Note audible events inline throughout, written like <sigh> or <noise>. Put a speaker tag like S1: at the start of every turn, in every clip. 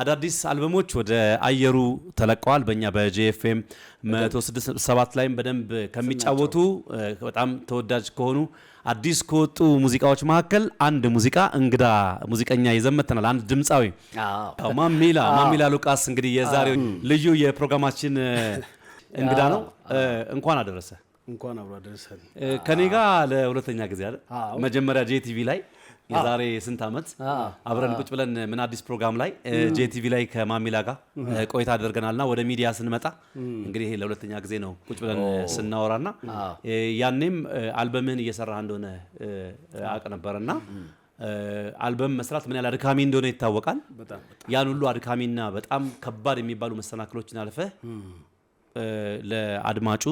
S1: አዳዲስ አልበሞች ወደ አየሩ ተለቀዋል። በእኛ በጄኤፍኤም 167 ላይም በደንብ ከሚጫወቱ በጣም ተወዳጅ ከሆኑ አዲስ ከወጡ ሙዚቃዎች መካከል አንድ ሙዚቃ እንግዳ ሙዚቀኛ ይዘመትናል አንድ ድምፃዊ ማሚላ ማሚላ ሉቃስ እንግዲህ የዛሬው ልዩ የፕሮግራማችን እንግዳ ነው። እንኳን አደረሰ።
S2: እንኳን አብሮ አደረሰን።
S1: ከኔ ጋር ለሁለተኛ ጊዜ አለ መጀመሪያ ጄቲቪ ላይ የዛሬ ስንት ዓመት አብረን ቁጭ ብለን ምን አዲስ ፕሮግራም ላይ ጄቲቪ ላይ ከማሚላ ጋር ቆይታ አድርገናልና ወደ ሚዲያ ስንመጣ እንግዲህ ለሁለተኛ ጊዜ ነው ቁጭ ብለን ስናወራና ያኔም አልበምን እየሰራ እንደሆነ አቅ ነበርና አልበም መስራት ምን ያህል አድካሚ እንደሆነ ይታወቃል። ያን ሁሉ አድካሚና በጣም ከባድ የሚባሉ መሰናክሎችን አልፈ ለአድማጩ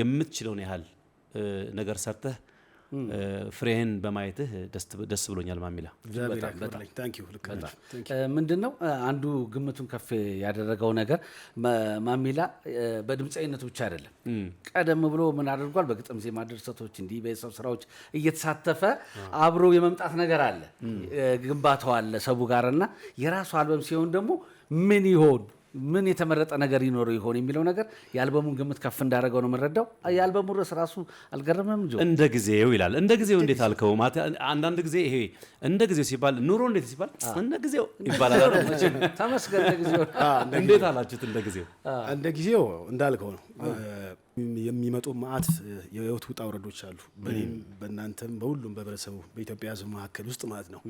S1: የምትችለውን ያህል ነገር ሰርተህ ፍሬህን በማየትህ ደስ ብሎኛል። ማሚላ ምንድን ነው አንዱ ግምቱን ከፍ ያደረገው ነገር ማሚላ በድምፃዊነቱ ብቻ አይደለም። ቀደም ብሎ ምን አድርጓል? በግጥም ዜማ ድርሰቶች፣ እንዲህ በሰብ ስራዎች እየተሳተፈ አብሮ የመምጣት ነገር አለ፣ ግንባታው አለ ሰቡ ጋርና የራሱ አልበም ሲሆን ደግሞ ምን ይሆን ምን የተመረጠ ነገር ይኖረው ይሆን የሚለው ነገር የአልበሙን ግምት ከፍ እንዳደረገው ነው የምንረዳው። የአልበሙ ርዕስ ራሱ አልገረመም?
S2: እንደ ጊዜው ይላል። እንደ ጊዜው እንዴት አልከው? አንዳንድ ጊዜ ይሄ እንደ ጊዜው ሲባል ኑሮ እንዴት ሲባል እንደ ጊዜው ይባላል።
S1: ተመስገን እንደ ጊዜው።
S2: እንዴት አላችሁት? እንደ ጊዜው እንደ ጊዜው እንዳልከው ነው የሚመጡ መዓት የህይወት ውጣ ውረዶች አሉ። በእኔም በእናንተም በሁሉም በህብረተሰቡ በኢትዮጵያ ህዝብ መካከል ውስጥ ማለት ነው።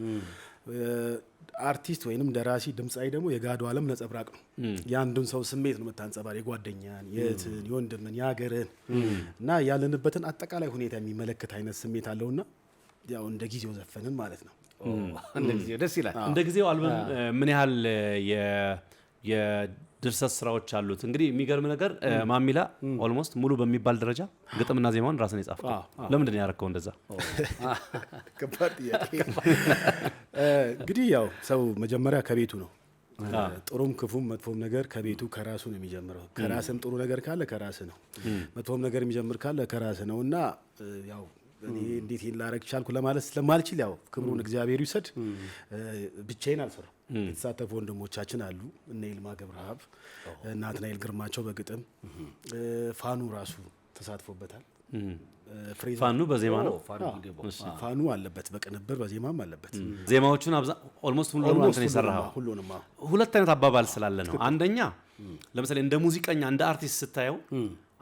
S2: አርቲስት ወይንም ደራሲ ድምፃዊ ደግሞ የጋዶ ዓለም ነጸብራቅ ነው። የአንዱን ሰው ስሜት ነው የምታንጸባር የጓደኛን፣ የእህትን፣ የወንድምን፣ የሀገርን እና ያለንበትን አጠቃላይ ሁኔታ የሚመለከት አይነት ስሜት አለውና ያው እንደ ጊዜው ዘፈንን ማለት ነው።
S1: እንደ ጊዜው ደስ ይላል። እንደ ጊዜው አልበም ምን ያህል ድርሰት ስራዎች አሉት። እንግዲህ የሚገርም ነገር ማሚላ ኦልሞስት ሙሉ በሚባል ደረጃ ግጥምና ዜማውን ራስን የጻፍ ለምንድን ያረከው? እንደዛ?
S2: ከባድ ጥያቄ። እንግዲህ ያው ሰው መጀመሪያ ከቤቱ ነው። ጥሩም ክፉም መጥፎም ነገር ከቤቱ ከራሱ ነው የሚጀምረው። ከራስም ጥሩ ነገር ካለ ከራስ ነው፣ መጥፎም ነገር የሚጀምር ካለ ከራስ ነው እና ያው እኔ እንዴት ላረግ ቻልኩ ለማለት ስለማልችል ያው ክብሩን እግዚአብሔር ይውሰድ። ብቻዬን አልሰራም። የተሳተፉ ወንድሞቻችን አሉ። እነ ይልማ ገብረአብ፣ ናትናኤል ግርማቸው በግጥም ፋኑ ራሱ ተሳትፎበታል።
S1: ፋኑ በዜማ ነው።
S2: ፋኑ አለበት፣ በቅንብር በዜማም አለበት።
S1: ዜማዎቹን ኦልሞስት ሁሉ አንተ ነው የሰራኸው። ሁሉንም። ሁለት አይነት አባባል ስላለ ነው። አንደኛ ለምሳሌ እንደ ሙዚቀኛ እንደ አርቲስት ስታየው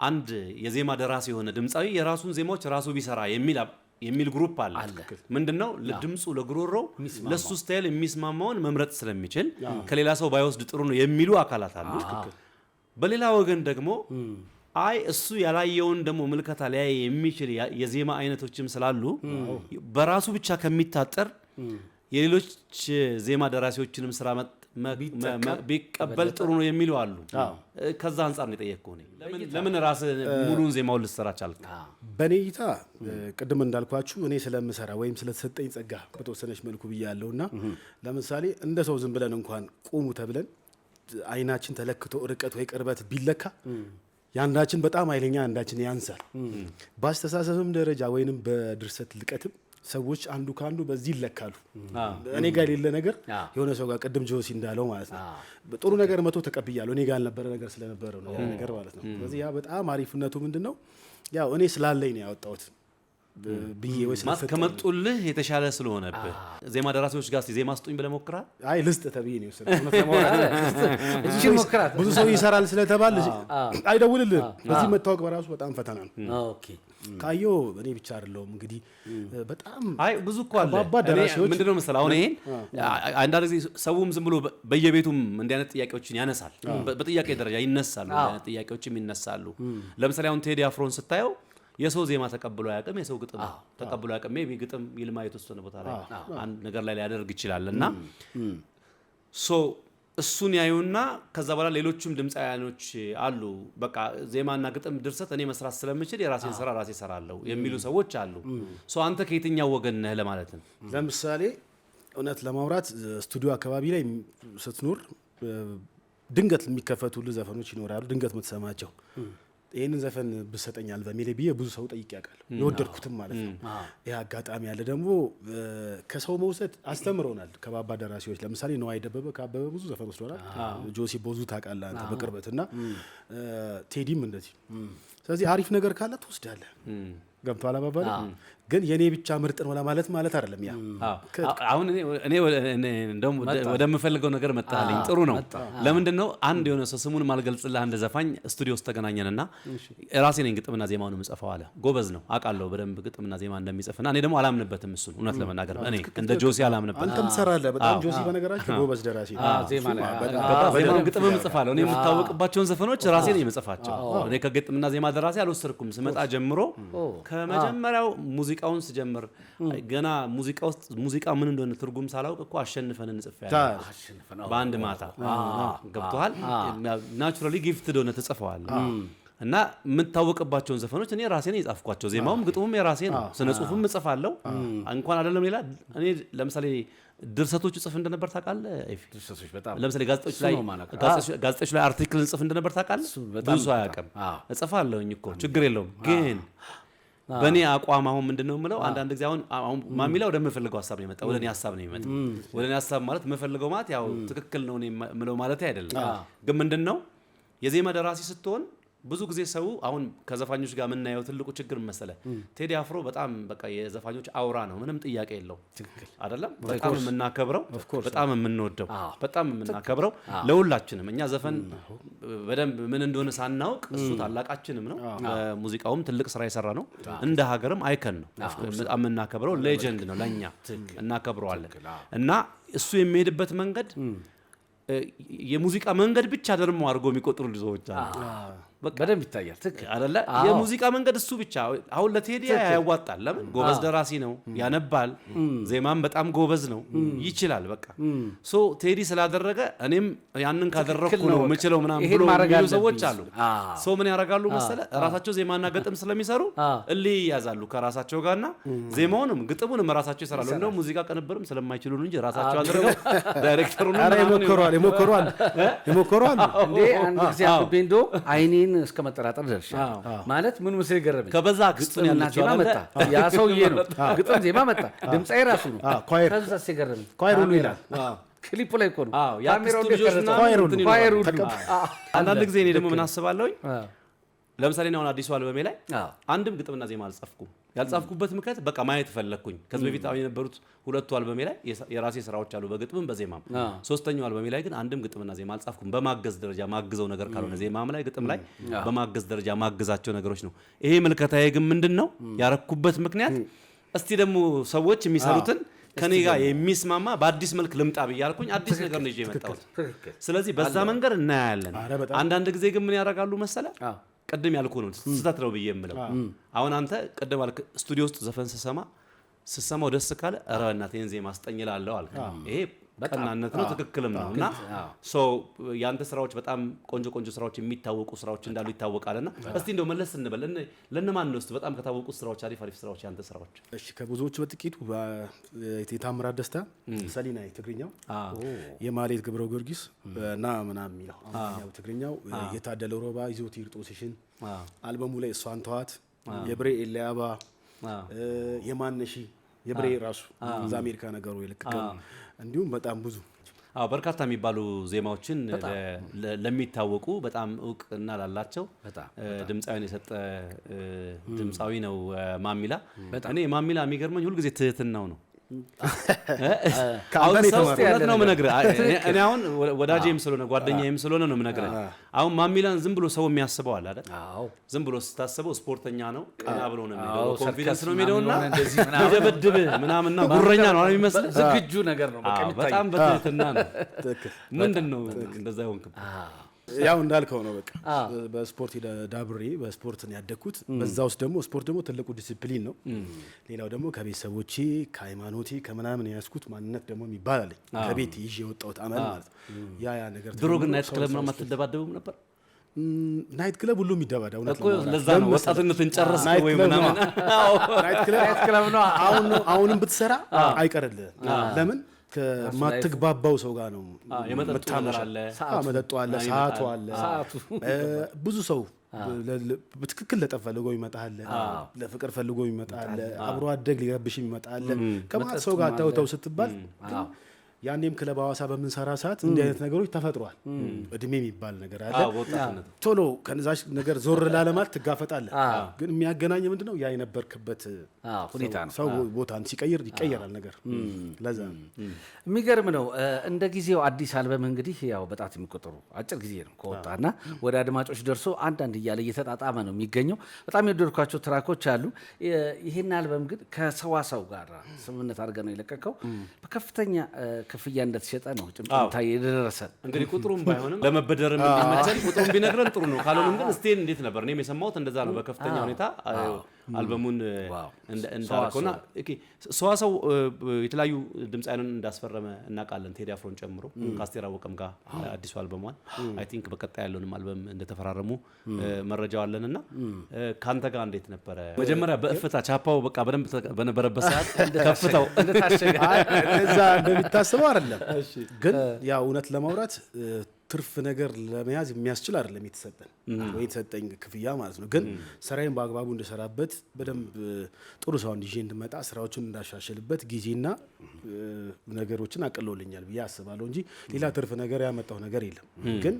S1: አንድ የዜማ ደራሲ የሆነ ድምፃዊ የራሱን ዜማዎች ራሱ ቢሰራ የሚል ግሩፕ አለ። ምንድነው ለድምፁ ለጉሮሮው ለሱ ስታይል የሚስማማውን መምረጥ ስለሚችል ከሌላ ሰው ባይወስድ ጥሩ ነው የሚሉ አካላት አሉ። በሌላ ወገን ደግሞ አይ እሱ ያላየውን ደግሞ ምልከታ ሊያይ የሚችል የዜማ አይነቶችም ስላሉ በራሱ ብቻ ከሚታጠር የሌሎች ዜማ ደራሲዎችንም ስራ ቢቀበል ጥሩ ነው የሚሉ አሉ። ከዛ አንጻር ነው የጠየቅኩህ። ለምን ራስ ሙሉን ዜማውን ልትሰራ ቻልክ?
S2: በእኔ እይታ ቅድም እንዳልኳችሁ እኔ ስለምሰራ ወይም ስለተሰጠኝ ጸጋ በተወሰነች መልኩ ብያለሁ እና ለምሳሌ እንደ ሰው ዝም ብለን እንኳን ቁሙ ተብለን አይናችን ተለክቶ ርቀት ወይ ቅርበት ቢለካ የአንዳችን በጣም አይለኛ አንዳችን ያንሳል። በአስተሳሰብም ደረጃ ወይንም በድርሰት ልቀትም ሰዎች አንዱ ከአንዱ በዚህ ይለካሉ። እኔ ጋር የሌለ ነገር የሆነ ሰው ጋር ቅድም ጆሲ እንዳለው ማለት ነው ጥሩ ነገር መቶ ተቀብያለሁ እኔ ጋር ያልነበረ ነገር ስለነበረ ነው ነገር ማለት ነው። ስለዚህ ያ በጣም አሪፍነቱ ምንድን ነው ያው እኔ ስላለኝ ነው ያወጣሁት ብዬ ወይ
S1: ከመጡልህ የተሻለ ስለሆነብህ ዜማ ደራሲዎች ጋር ዜማ ስጡኝ ብለህ ሞክረሃል?
S2: አይ ልስጥ ተብዬ ነው ብዙ ሰው ይሰራል ስለተባል አይደውልልህ። በዚህ መታወቅ በራሱ በጣም ፈተና ነው። ካየ እኔ ብቻ አይደለሁም እንግዲህ በጣም
S1: አይ ብዙ እኮ አለ። ምንድነው መሰለህ አሁን ይሄን አንዳንድ ጊዜ ሰውም ዝም ብሎ በየቤቱም እንዲህ አይነት ጥያቄዎችን ያነሳል። በጥያቄ ደረጃ ይነሳሉ፣ ጥያቄዎችም ይነሳሉ። ለምሳሌ አሁን ቴዲ አፍሮን ስታየው የሰው ዜማ ተቀብሎ አያውቅም። የሰው ግጥም ተቀብሎ አያውቅም። ቢ ግጥም ይልማ የተወሰነ ቦታ ላይ አንድ ነገር ላይ ሊያደርግ ይችላል እና ሶ እሱን ያዩና ከዛ በኋላ ሌሎችም ድምፃውያኖች አሉ። በቃ ዜማና ግጥም ድርሰት እኔ መስራት ስለምችል የራሴን ስራ ራሴ ሰራለሁ የሚሉ ሰዎች አሉ። ሰው አንተ ከየትኛው ወገን ነህ ለማለት ነው።
S2: ለምሳሌ እውነት ለማውራት ስቱዲዮ አካባቢ ላይ ስትኖር ድንገት የሚከፈቱልህ ዘፈኖች ይኖራሉ። ድንገት የምትሰማቸው ይህንን ዘፈን ብሰጠኛል በሚል ብዬ ብዙ ሰው ጠይቅ ያውቃል የወደድኩትም ማለት ነው። ይህ አጋጣሚ ያለ ደግሞ ከሰው መውሰድ አስተምረውናል። ከባባ ደራሲዎች ለምሳሌ ነዋይ ደበበ ከአበበ ብዙ ዘፈን ወስዶናል። ጆሲ ቦዙ ታውቃለህ አንተ በቅርበት እና ቴዲም እንደዚህ። ስለዚህ አሪፍ ነገር ካለ ትወስዳለህ። ገብቶሃል አባባል ግን የኔ ብቻ ምርጥ ነው ለማለት ማለት አይደለም። ያ
S1: አሁን እኔ እንደውም ወደምፈልገው ነገር መጣልኝ። ጥሩ ነው። ለምንድን ነው አንድ የሆነ ሰው ስሙን ማልገልጽልህ አንድ ዘፋኝ ስቱዲዮ ውስጥ ተገናኘንና ራሴ ነኝ ግጥምና ዜማውን የምጽፈው አለ። ጎበዝ ነው አውቃለሁ በደንብ ግጥምና ዜማ እንደሚጽፍና እኔ ደግሞ አላምንበትም እሱን እውነት ለመናገር እኔ እንደ ጆሲ አላምንበትም።
S2: አንተም ትሰራለህ በጣም ጆሲ፣ በነገራችን ጎበዝ ደራሲ
S1: ዜማም ግጥምም እጽፋለሁ። እኔ የምታወቅባቸውን ዘፈኖች ራሴ ነኝ የምጽፋቸው። እኔ ከግጥምና ዜማ ደራሲ አልወሰድኩም። ስመጣ ጀምሮ ከመጀመሪያው ሙዚቃ ሙዚቃውን ስጀምር ገና ሙዚቃ ውስጥ ሙዚቃ ምን እንደሆነ ትርጉም ሳላውቅ እኮ አሸንፈን እንጽፍ በአንድ ማታ ገብተዋል። ናቹራሊ ጊፍት እንደሆነ ትጽፈዋል እና የምታወቅባቸውን ዘፈኖች እኔ ራሴ ነው የጻፍኳቸው። ዜማውም ግጥሙም የራሴ ነው። ስነ ጽሁፍም እጽፋለሁ። እንኳን አይደለም ሌላ እኔ ለምሳሌ ድርሰቶች ጽፍ እንደነበር ታውቃለህ። ለምሳሌ ጋዜጦች ላይ አርቲክል ጽፍ እንደነበር ታውቃለህ። ብዙ አያውቅም። እጽፋለሁኝ እኮ ችግር የለውም ግን በእኔ አቋም አሁን ምንድን ነው የምለው፣ አንዳንድ ጊዜ አሁን አሁን ማሚላ ወደ የምፈልገው ሀሳብ ነው ይመጣ ወደ እኔ ሀሳብ ነው ይመጣ ወደ እኔ ሀሳብ ማለት የምፈልገው ማለት ያው ትክክል ነው የምለው ማለት አይደለም። ግን ምንድን ነው የዜማ ደራሲ ስትሆን ብዙ ጊዜ ሰው አሁን ከዘፋኞች ጋር የምናየው ትልቁ ችግር መሰለ፣ ቴዲ አፍሮ በጣም በቃ የዘፋኞች አውራ ነው፣ ምንም ጥያቄ የለው አይደለም። በጣም የምናከብረው በጣም የምንወደው በጣም የምናከብረው ለሁላችንም እኛ ዘፈን በደንብ ምን እንደሆነ ሳናውቅ እሱ ታላቃችንም ነው። ሙዚቃውም ትልቅ ስራ የሰራ ነው። እንደ ሀገርም አይከን ነው፣ በጣም የምናከብረው ሌጀንድ ነው። ለእኛ እናከብረዋለን እና እሱ የሚሄድበት መንገድ የሙዚቃ መንገድ ብቻ ደግሞ አድርጎ የሚቆጥሩ ልጆች አሉ።
S2: በደንብ ይታያል።
S1: ትክክል አይደለ? የሙዚቃ መንገድ እሱ ብቻ አሁን ለቴዲ ያዋጣል። ለምን ጎበዝ ደራሲ ነው፣ ያነባል፣ ዜማም በጣም ጎበዝ ነው፣ ይችላል። በቃ ሶ ቴዲ ስላደረገ እኔም ያንን ካደረግኩ ነው የምችለው ምናምን ብሎ ሰዎች አሉ። ሶ ምን ያደርጋሉ መሰለ ራሳቸው ዜማና ግጥም ስለሚሰሩ እል ይያዛሉ ከራሳቸው ጋርና ዜማውንም ግጥሙንም ራሳቸው ይሰራሉ። እንደው ሙዚቃ ቅንብርም ስለማይችሉ ነው እንጂ ራሳቸው አድርገው <laughs> ዳይሬክተሩንም
S2: ይሞክሯል። ይሞክሯል፣ ይሞክሯል።
S1: አንድ ጊዜ አይኔ እኔን እስከ መጠራጠር ደርሻ ማለት ምን ምስል ገረመኝ። ከበዛ ግጥምና ዜማ መጣ፣ ያ ሰውዬ ነው። ግጥም ዜማ መጣ፣ ድምፃዊ ራሱ ነው። ከዛ ገረመኝ። ኳይር ሁሉ ይላል ክሊፕ ላይ እኮ ነው። አንዳንድ ጊዜ እኔ ደግሞ ምን አስባለሁኝ፣ ለምሳሌ አሁን አዲሱ አልበሜ ላይ አንድም ግጥምና ዜማ አልጸፍኩም ያልጻፍኩበት ምክንያት በቃ ማየት ፈለግኩኝ። ከዚህ በፊት የነበሩት ሁለቱ አልበሜ ላይ የራሴ ስራዎች አሉ በግጥምም በዜማም። ሶስተኛው አልበሜ ላይ ግን አንድም ግጥምና ዜማ አልጻፍኩም። በማገዝ ደረጃ ማግዘው ነገር ካልሆነ ዜማም ላይ ግጥም ላይ በማገዝ ደረጃ ማግዛቸው ነገሮች ነው። ይሄ ምልከታዬ ግን ምንድን ነው ያረኩበት ምክንያት እስቲ ደግሞ ሰዎች የሚሰሩትን ከኔ ጋር የሚስማማ በአዲስ መልክ ልምጣ ብያልኩኝ አዲስ ነገር ነው ይዤ የመጣሁት። ስለዚህ በዛ መንገድ እናያለን። አንዳንድ ጊዜ ግን ምን ያደርጋሉ መሰለ ቅድም ያልኩ ነው ስህተት ነው ብዬ የምለው። አሁን አንተ ቅድም አልክ ስቱዲዮ ውስጥ ዘፈን ስሰማ ስሰማው ደስ ካለ ኧረ እናቴን ዜማ አስጠኝላለሁ አልክ። ይሄ ቀናነት ነው፣ ትክክልም ነው እና የአንተ ስራዎች በጣም ቆንጆ ቆንጆ ስራዎች የሚታወቁ ስራዎች እንዳሉ ይታወቃል። እና እስቲ እንደው መለስ እንበል ለእነማን ነው በጣም ከታወቁ ስራዎች አሪፍ አሪፍ ስራዎች የአንተ ስራዎች?
S2: እሺ ከብዙዎቹ በጥቂቱ የታምራት ደስታ ሰሊና ትግርኛው፣ የማሌት ገብረ ጊዮርጊስ እና ምናምን የሚለው ትግርኛው፣ የታደለ ሮባ ይዞት ይርጦስሽን አልበሙ ላይ እሷን ተዋት፣ የብሬ ኤልያባ የማነሺ የብሬ ራሱ እዛ አሜሪካ ነገሩ የለቀቀው እንዲሁም በጣም ብዙ
S1: በርካታ የሚባሉ ዜማዎችን ለሚታወቁ በጣም እውቅና ላላቸው ድምፃዊን የሰጠ ድምፃዊ ነው ማሚላ። እኔ ማሚላ የሚገርመኝ ሁልጊዜ ትህትናው ነው ሁለት ነው የምነግርህ። እኔ አሁን ወዳጄም ስለሆነ ጓደኛዬም ስለሆነ ነው የምነግርህ። አሁን ማሚላን ዝም ብሎ ሰው የሚያስበው አለ አይደል? ዝም ብሎ ስታስበው ስፖርተኛ ነው፣ ቀና ብሎ ነው የሚሄደው፣ ኮንፊደንስ ነው የሚሄደውና መደበድብህ ምናምንና ጉረኛ ነው
S2: የሚመስልህ። ዝግጁ ነገር ነው፣
S1: በጣም በትህትና ነው። ምንድን ነው እንደዛ ይሆንክም
S2: ያው እንዳልከው ነው። በቃ በስፖርት ዳብሬ በስፖርት ነው ያደግኩት። በዛ ውስጥ ደግሞ ስፖርት ደግሞ ትልቁ ዲስፕሊን ነው። ሌላው ደግሞ ከቤተሰቦቼ ከሃይማኖቴ ከምናምን የያዝኩት ማንነት ደግሞ የሚባል አለኝ ከቤት ይዤ የወጣሁት አመል ማለት ነው። ያ ያ ነገር
S1: ድሮ ግን ናይት ክለብ ምናምን አትደባደቡም ነበር?
S2: ናይት ክለብ ሁሉም ይደባዳ።
S1: እውነት ለዛ ነው ወጣትነትን ጨረስ ወይ ምናምን
S2: ናይት ክለብ ነው። አሁንም ብትሰራ አይቀርልህም። ለምን ከማትግባባው ሰው ጋር ነው የምታመሻ። መጠጡ አለ፣ ሰዓቱ አለ። ብዙ ሰው በትክክል ለጠፍ ፈልጎ ይመጣል፣ ለፍቅር ፈልጎ ይመጣል፣ አብሮ አደግ ሊረብሽ ይመጣል። ከማት ሰው ጋር ተውተው ስትባል ያኔም ክለብ ሐዋሳ በምንሰራ ሰዓት እንዲህ አይነት ነገሮች ተፈጥሯል። እድሜ የሚባል ነገር አለ። ቶሎ ከነዛች ነገር ዞር ላለማለት ትጋፈጣለ። ግን የሚያገናኝ ምንድነው ያ የነበርክበት ሁኔታ ነው። ሰው ቦታን ሲቀይር ይቀየራል ነገር። ለዛ
S1: የሚገርም ነው። እንደ ጊዜው አዲስ አልበም እንግዲህ ያው በጣት የሚቆጠሩ አጭር ጊዜ ነው ከወጣና ወደ አድማጮች ደርሶ አንዳንድ እያለ እየተጣጣመ ነው የሚገኘው። በጣም የወደድኳቸው ትራኮች አሉ። ይህን አልበም ግን ከሰዋሰው ጋር ስምምነት አድርገ ነው የለቀቀው በከፍተኛ ክፍያ እንደተሸጠ ነው ጭምጭምታ የደረሰ እንግዲህ ቁጥሩም ባይሆንም ለመበደር የሚመቸን ቁጥሩም ቢነግረን ጥሩ ነው። ካልሆንም ግን ስቴን እንዴት ነበር? እኔም የሰማሁት እንደዛ ነው። በከፍተኛ ሁኔታ Hmm. አልበሙን ሰዋ ሰዋሰው የተለያዩ አይነን እንዳስፈረመ እናውቃለን። ቴዲ አፍሮን ጨምሮ ከአስቴር hmm. አወቀም ጋር hmm. አዲሱ አልበሟን አይ ቲንክ በቀጣይ ያለውንም አልበም እንደተፈራረሙ መረጃው አለን እና ከአንተ ጋር እንዴት ነበረ? መጀመሪያ በእፍታ ቻፓው በቃ በደንብ በነበረበት ሰዓት <laughs> <laughs>
S2: እዛ እንደሚታስበው አይደለም፣ ግን ያው እውነት ለማውራት ትርፍ ነገር ለመያዝ የሚያስችል አይደለም የተሰጠን ወይ የተሰጠኝ ክፍያ ማለት ነው። ግን ስራዬን በአግባቡ እንደሰራበት በደንብ ጥሩ ሰው ይዤ እንድመጣ ስራዎችን እንዳሻሽልበት ጊዜና ነገሮችን አቅሎልኛል ብዬ አስባለሁ እንጂ ሌላ ትርፍ ነገር ያመጣው ነገር የለም። ግን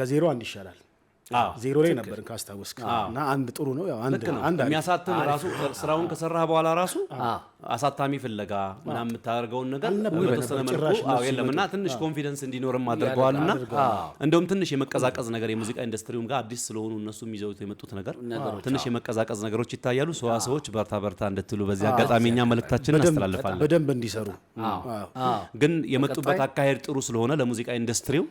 S2: ከዜሮ አንድ ይሻላል። ዜሮ ላይ ነበር ካስታወስክ እና አንድ ጥሩ ነው
S1: የሚያሳትም ራሱ ስራውን ከሰራህ በኋላ ራሱ አሳታሚ ፍለጋ ምናምን የምታደርገውን ነገር በተወሰነ መልኩ የለም እና ትንሽ ኮንፊደንስ እንዲኖርም አድርገዋል እና እንደውም ትንሽ የመቀዛቀዝ ነገር የሙዚቃ ኢንዱስትሪውም ጋር አዲስ ስለሆኑ እነሱ የሚዘውት የመጡት ነገር ትንሽ የመቀዛቀዝ ነገሮች ይታያሉ። ሰዋ ሰዎች በርታ በርታ እንድትሉ በዚህ አጋጣሚ እኛ መልእክታችንን
S2: እናስተላልፋለን። በደንብ እንዲሰሩ
S1: ግን የመጡበት አካሄድ ጥሩ ስለሆነ ለሙዚቃ ኢንዱስትሪው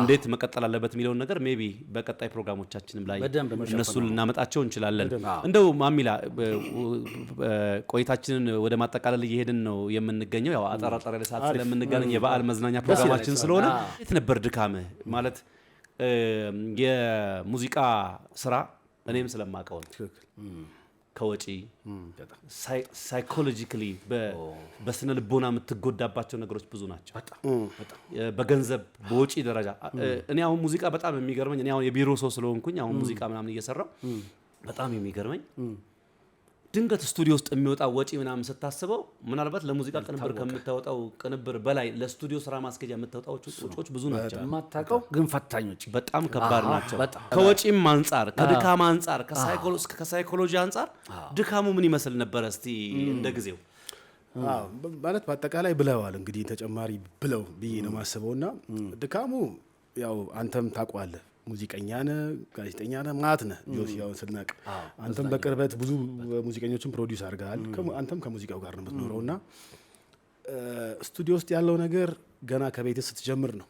S1: እንዴት መቀጠል አለበት የሚለውን ነገር ሜይ ቢ በቀጣይ ፕሮግራሞቻችንም ላይ እነሱ ልናመጣቸው እንችላለን። እንደው ማሚላ ቆይታችንን ወደ ማጠቃለል እየሄድን ነው የምንገኘው። ያው አጠራጣሪ ለሰዓት ስለምንገናኝ የበዓል መዝናኛ ፕሮግራማችን ስለሆነ የት ነበር ድካምህ ማለት የሙዚቃ ስራ እኔም ስለማቀውን ከወጪ ሳይኮሎጂካሊ በስነ ልቦና የምትጎዳባቸው ነገሮች ብዙ ናቸው። በገንዘብ በወጪ ደረጃ እኔ አሁን ሙዚቃ በጣም የሚገርመኝ እኔ አሁን የቢሮ ሰው ስለሆንኩኝ አሁን ሙዚቃ ምናምን እየሰራው በጣም የሚገርመኝ ድንገት ስቱዲዮ ውስጥ የሚወጣ ወጪ ምናምን ስታስበው ምናልባት ለሙዚቃ ቅንብር ከምታወጣው ቅንብር በላይ ለስቱዲዮ ስራ ማስኬጃ የምታወጣዎች ወጪዎች ብዙ ናቸው። የማታውቀው ግን ፈታኞች በጣም ከባድ ናቸው። ከወጪም አንጻር፣ ከድካም አንጻር፣ ከሳይኮሎጂ አንጻር ድካሙ ምን ይመስል ነበረ? እስቲ እንደ ጊዜው
S2: ማለት በአጠቃላይ ብለዋል። እንግዲህ ተጨማሪ ብለው ብዬ ነው የማስበው እና ድካሙ ያው አንተም ታውቋለህ ሙዚቀኛ ነ ጋዜጠኛ ነ ማለት ነ ጆሲ። ስናቅ አንተም በቅርበት ብዙ ሙዚቀኞችን ፕሮዲውስ አድርገሃል። አንተም ከሙዚቃው ጋር ነው የምትኖረው እና ስቱዲዮ ውስጥ ያለው ነገር ገና ከቤት ስትጀምር ነው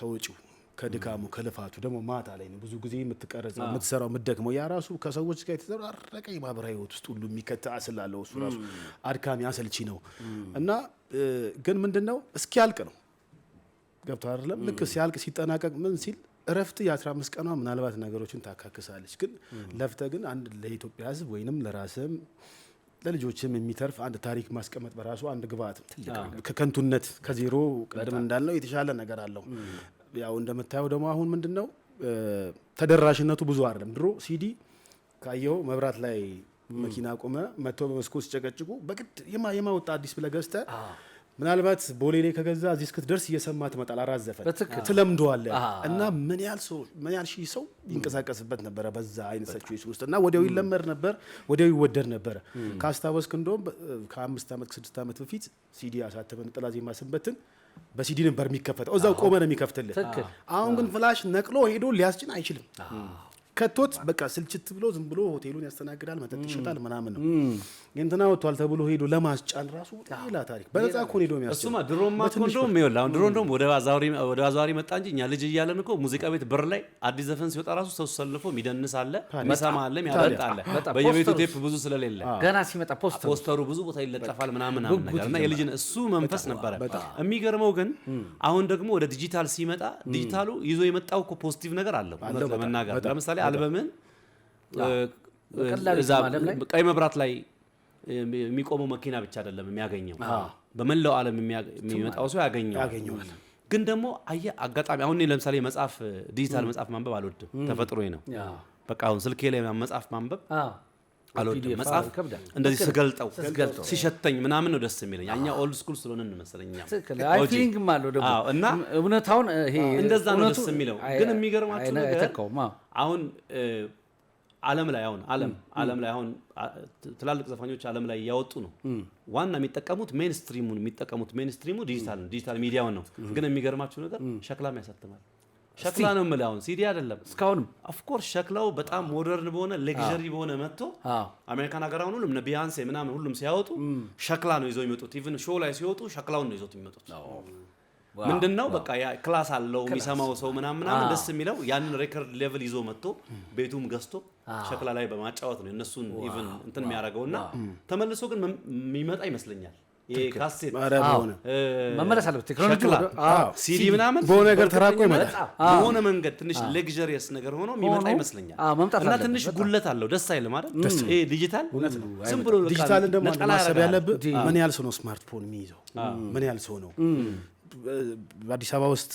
S2: ከውጭው ከድካሙ ከልፋቱ ደግሞ ማታ ላይ ነው ብዙ ጊዜ የምትቀረጽ የምትሰራው የምትደክመው። ያ ራሱ ከሰዎች ጋር የተዘራረቀ የማህበራዊ ህይወት ውስጥ ሁሉ የሚከታ ስላለው እሱ ራሱ አድካሚ አሰልቺ ነው እና ግን ምንድን ነው እስኪያልቅ ነው ገብቶ አይደለም ልክ ሲያልቅ ሲጠናቀቅ ምን ሲል እረፍት የ15 ቀኗ ምናልባት ነገሮችን ታካክሳለች። ግን ለፍተ ግን አንድ ለኢትዮጵያ ሕዝብ ወይንም ለራስም ለልጆችም የሚተርፍ አንድ ታሪክ ማስቀመጥ በራሱ አንድ ግብአት ከከንቱነት ከዜሮ ቀድም እንዳልነው የተሻለ ነገር አለው። ያው እንደምታየው ደግሞ አሁን ምንድን ነው ተደራሽነቱ ብዙ አይደለም። ድሮ ሲዲ ካየው መብራት ላይ መኪና ቆመ መጥቶ በመስኮ ሲጨቀጭቁ በግድ የማወጣ አዲስ ብለህ ገዝተህ ምናልባት ቦሌ ላይ ከገዛ እዚህ እስክትደርስ እየሰማ ትመጣል። አራዘፈ ትለምደዋለ እና ምን ያህል ሰው ምን ያህል ሺህ ሰው ይንቀሳቀስበት ነበረ በዛ አይነት ሰቹዌሽን ውስጥ እና ወዲያው ይለመድ ነበር፣ ወዲያው ይወደድ ነበረ። ካስታወስክ እንደውም ከአምስት ዓመት ከስድስት ዓመት በፊት ሲዲ አሳተመን ጥላ ዜማ ስንበትን በሲዲ ነበር የሚከፈተው። እዛው ቆመ ነው የሚከፍትልህ። አሁን ግን ፍላሽ ነቅሎ ሄዶ ሊያስጭን አይችልም። ከቶት በቃ ስልችት ብሎ ዝም ብሎ ሆቴሉን ያስተናግዳል፣ መጠጥ ይሸጣል ምናምን ነው። እንትና ወጥቷል ተብሎ ሄዶ ለማስጫን ራሱ ሌላ ታሪክ። በነጻ እኮ ሄዶ
S1: እሱማ ድሮማ እኮ እንደውም ይኸውልህ፣ ድሮ እንደውም ወደ አዛዋሪ መጣ እንጂ እኛ ልጅ እያለን እኮ ሙዚቃ ቤት በር ላይ አዲስ ዘፈን ሲወጣ ራሱ ሰው ሰልፎ የሚደንስ አለ፣ መሰማ አለ፣ የሚያደርጥ አለ። በየቤቱ ቴፕ ብዙ ስለሌለ ገና ሲመጣ ፖስተሩ ብዙ ቦታ ይለጠፋል ምናምን ነገር እና የልጅን እሱ መንፈስ ነበረ። የሚገርመው ግን አሁን ደግሞ ወደ ዲጂታል ሲመጣ ዲጂታሉ ይዞ የመጣው እኮ ፖዚቲቭ ነገር አለው ለመናገር ለምሳሌ አልበምን ቀይ መብራት ላይ የሚቆመው መኪና ብቻ አይደለም የሚያገኘው፣ በመላው ዓለም የሚመጣው ሰው ያገኘዋል። ግን ደግሞ አየ አጋጣሚ አሁን ለምሳሌ መጽሐፍ ዲጂታል መጽሐፍ ማንበብ አልወድም፣ ተፈጥሮ ነው። በቃ አሁን ስልኬ ላይ መጽሐፍ ማንበብ አልወድም መጽሐፍ እንደዚህ ስገልጠው ሲሸተኝ ምናምን ነው ደስ የሚለኝ። እኛ ኦልድ ስኩል ስለሆነ እና እውነታውን እንደዛ ነው ደስ የሚለው። ግን የሚገርማችሁ ነገር አሁን ዓለም ላይ አሁን ዓለም ዓለም ላይ አሁን ትላልቅ ዘፋኞች ዓለም ላይ እያወጡ ነው። ዋና የሚጠቀሙት ሜንስትሪሙን የሚጠቀሙት ሜንስትሪሙ ዲጂታል ዲጂታል ሚዲያውን ነው። ግን የሚገርማችሁ ነገር ሸክላም ያሳትማል ሸክላ ነው የምልህ። አሁን ሲዲ አይደለም እስካሁንም። ኦፍኮርስ ሸክላው በጣም ሞደርን በሆነ ሌክዠሪ በሆነ መጥቶ አሜሪካን ሀገር አሁን ሁሉም ቢያንሴ ምናምን ሁሉም ሲያወጡ ሸክላ ነው ይዘው የሚመጡት። ኢቭን ሾው ላይ ሲወጡ ሸክላውን ነው ይዘው የሚመጡት። ምንድን ነው በቃ ክላስ አለው የሚሰማው ሰው ምናምን ምናምን ደስ የሚለው ያንን ሬከርድ ሌቭል ይዞ መጥቶ ቤቱም ገዝቶ ሸክላ ላይ በማጫወት ነው የነሱን ኢቭን እንትን የሚያደርገው እና ተመልሶ ግን የሚመጣ ይመስለኛል
S2: መመለስ አለበት። ቴክኖሎጂ ሲዲ ምናምን በሆነ ነገር ተራቆ ይመጣል።
S1: በሆነ መንገድ ትንሽ ሌግዠሪየስ ነገር ሆኖ የሚመጣ ይመስለኛል እና ትንሽ ጉለት አለው። ደስ አይልም አይደል? ይሄ ዲጂታል
S2: ዝም ብሎ ዲጂታልን ደግሞ ማሰብ ያለብህ ምን ያህል ሰው ነው ስማርትፎን የሚይዘው? ምን ያህል ሰው ነው አዲስ አበባ ውስጥ፣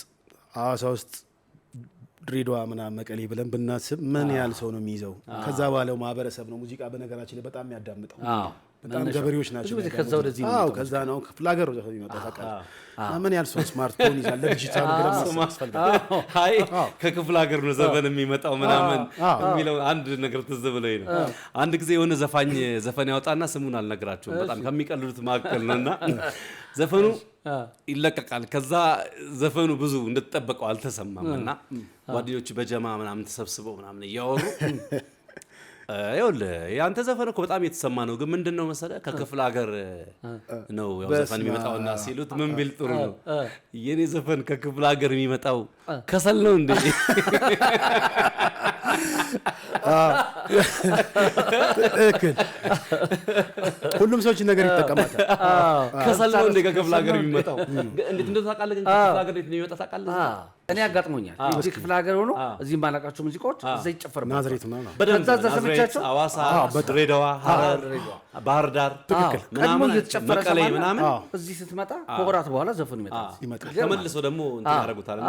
S2: ሐዋሳ ውስጥ ድሬዳዋ ምናምን መቀሌ ብለን ብናስብ ምን ያህል ሰው ነው የሚይዘው? ከዛ ባለው ማህበረሰብ ነው ሙዚቃ በነገራችን ላይ በጣም የሚያዳምጠው? በጣም ገበሬዎች ናቸው። ከዛ ወደዚህ ነው ከዛ ነው ክፍለ ሀገር ይመጣ ምን ያህል ሰው ስማርትፎን ይዛል ለዲጂታል
S1: አይ ከክፍለ ሀገር ነው ዘፈን የሚመጣው ምናምን የሚለው አንድ ነገር ትዝ ብለኝ ነው። አንድ ጊዜ የሆነ ዘፋኝ ዘፈን ያወጣና ስሙን አልነግራቸውም። በጣም ከሚቀልሉት መካከል ነውና ዘፈኑ ይለቀቃል። ከዛ ዘፈኑ ብዙ እንደተጠበቀው አልተሰማም እና ጓደኞቹ በጀማ ምናምን ተሰብስበው ምናምን እያወሩ ይኸውልህ የአንተ ዘፈን እኮ በጣም የተሰማ ነው። ግን ምንድን ነው መሰለህ ከክፍለ ሀገር ነው ያው ዘፈን የሚመጣውና ሲሉት ምን ቢል ጥሩ ነው የኔ ዘፈን ከክፍለ ሀገር የሚመጣው ከሰል ነው እንዴ?
S2: ትክክል ሁሉም ሰዎች ነገር ይጠቀማታል።
S1: ከሰል ነው እንደ ከክፍለ ሀገር የሚመጣው። እንዴት እንደው ታውቃለህ? ከክፍለ ሀገር እንዴት ነው የሚመጣ ታውቃለህ? እኔ አጋጥሞኛል። እዚህ ክፍለ ሀገር ሆኖ እዚህ የማላውቃቸው ሙዚቃዎች እዛ ይጨፈር ናዝሬት ነው በደንብ ሰምቻቸው፣ ሐዋሳ፣ ድሬዳዋ፣ ባህር ዳር ትክክል ቀድሞ እየተጨፈረ መቀሌ ምናምን። እዚህ ስትመጣ ከወራት በኋላ ዘፈኑ ይመጣል። ተመልሶ ደግሞ እንትን ያደርጉታል።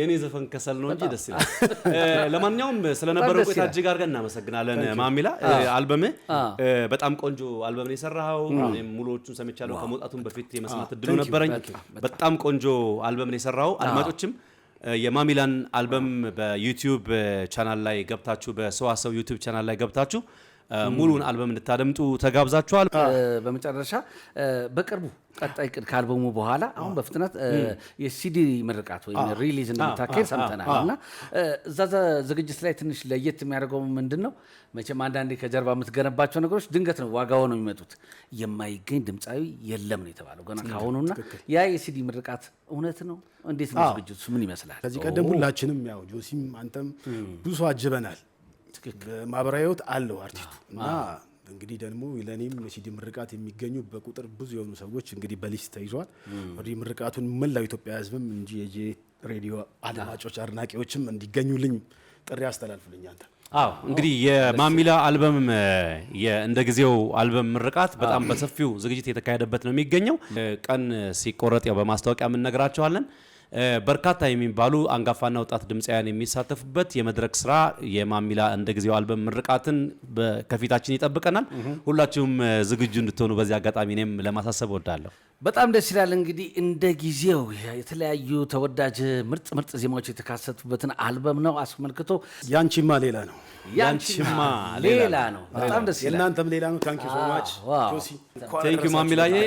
S1: የእኔ ዘፈን ከሰል ነው እንጂ ደስ ይላል። ለማንኛውም ስለነበረው ቆይታ እጅግ አድርገን እናመሰግናለን። ማሚላ አልበምህ በጣም ቆንጆ አልበም ነው። የሰራኸው። ሙሉዎቹን ሰምቻለሁ። ከመውጣቱን በፊት የመስማት እድሉ ነበረኝ። በጣም ቆንጆ አልበም ነው የሰራኸው። አድማጮችም የማሚላን አልበም በዩቲዩብ ቻናል ላይ ገብታችሁ፣ በሰዋሰው ዩቲዩብ ቻናል ላይ ገብታችሁ ሙሉን አልበም እንድታደምጡ ተጋብዛችኋል። በመጨረሻ በቅርቡ ቀጣይ ቅድ ከአልበሙ በኋላ አሁን በፍጥነት የሲዲ ምርቃት ወይም ሪሊዝ እንደምታካሄድ ሰምተናል እና እዛ ዝግጅት ላይ ትንሽ ለየት የሚያደርገው ምንድን ነው? መቼም አንዳንዴ ከጀርባ የምትገነባቸው ነገሮች ድንገት ነው ዋጋው ነው የሚመጡት። የማይገኝ ድምፃዊ የለም ነው የተባለው ገና ካሁኑና ያ የሲዲ ምርቃት እውነት ነው? እንዴት ነው ዝግጅቱ ምን ይመስላል?
S2: ከዚህ ቀደም ሁላችንም ያው ጆሲም አንተም ብዙ አጅበናል ማህበራዊ ህይወት አለው አርቲስቱ እና እንግዲህ ደግሞ ለእኔም ሲዲ ምርቃት የሚገኙ በቁጥር ብዙ የሆኑ ሰዎች እንግዲህ በሊስት ተይዟል። ወዲ ምርቃቱን መላው ኢትዮጵያ ህዝብም እንጂ የጄ ሬዲዮ አድማጮች አድናቂዎችም እንዲገኙልኝ ጥሪ
S1: አንተ። አዎ እንግዲህ የማሚላ አልበም እንደ ጊዜው አልበም ምርቃት በጣም በሰፊው ዝግጅት የተካሄደበት ነው የሚገኘው። ቀን ሲቆረጥ ያው በማስታወቂያ የምንነግራቸዋለን። በርካታ የሚባሉ አንጋፋና ወጣት ድምፃውያን የሚሳተፉበት የመድረክ ስራ የማሚላ እንደ ጊዜው አልበም ምርቃትን ከፊታችን ይጠብቀናል። ሁላችሁም ዝግጁ እንድትሆኑ በዚህ አጋጣሚ እኔም ለማሳሰብ እወዳለሁ። በጣም ደስ ይላል። እንግዲህ እንደ ጊዜው የተለያዩ ተወዳጅ ምርጥ ምርጥ ዜማዎች የተካሰቱበትን አልበም ነው አስመልክቶ
S2: ያንቺማ ሌላ ነው
S1: ያንቺማ
S2: ሌላ ነው። በጣም ደስ ይላል። እናንተም ሌላ ነው። ታንኪ ሶ
S1: ማች ማሚላዬ